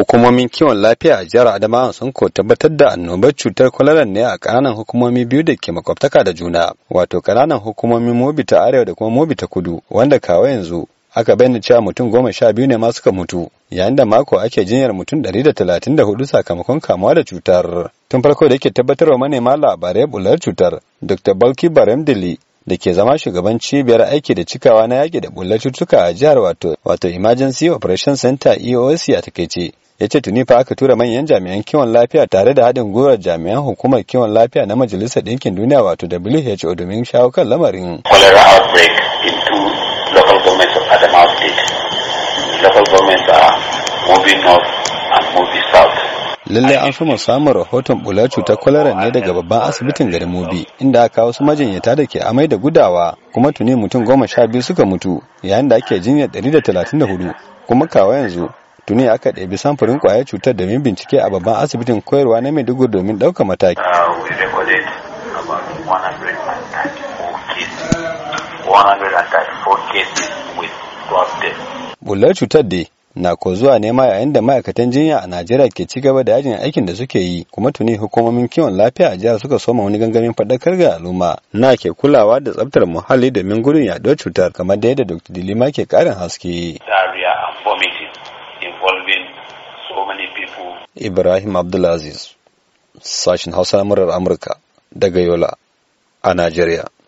hukumomin kiwon lafiya a jihar adamawa sun ko tabbatar da annobar cutar kwalara ne a kananan hukumomi biyu da ke makwabtaka da juna wato kananan hukumomin mobi ta arewa da kuma mobi ta kudu wanda kawo yanzu aka bayyana cewa mutum goma sha biyu ne ma suka mutu yayin da mako ake jinyar mutum ɗari da talatin da hudu sakamakon kamuwa da cutar tun farko da yake wa manema labarai bular cutar dr balki baremdili da ke zama shugaban cibiyar aiki da cikawa na yaƙi da bullar cutuka a jihar wato wato emergency operation center eoc a takaice ya ce tuni fa aka tura manyan jami'an kiwon lafiya tare da haɗin gwiwar jami'an hukumar kiwon lafiya na majalisar ɗinkin duniya wato who domin shawo kan lamarin in local local governments are moving north and moving south lallai an fi samun rahoton bula cutar kwalara ne daga babban asibitin garin mobi inda aka wasu majinyata da ke amai da gudawa kuma tuni mutum goma sha biyu suka mutu yayin da ake jinyar ɗari da talatin da hudu kuma kawo yanzu tuni aka ɗabi samfurin kwayar cutar da min bincike a babban asibitin koyarwa na maiduguri domin ɗauka mataki Bullar cutar dai na ko zuwa nema yayin da ma'aikatan jinya a Najeriya ke ci gaba da yajin aikin da suke yi kuma tuni hukumomin kiwon lafiya a jihar suka soma wani gangamin faɗakar ga al'umma na ke kulawa da tsabtar muhalli domin gudun yaɗuwar cutar kamar da yadda Dr. Dilima ke ƙarin haske. Ibrahim Abdulaziz, sashen Hausa murar Amurka daga Yola a Najeriya.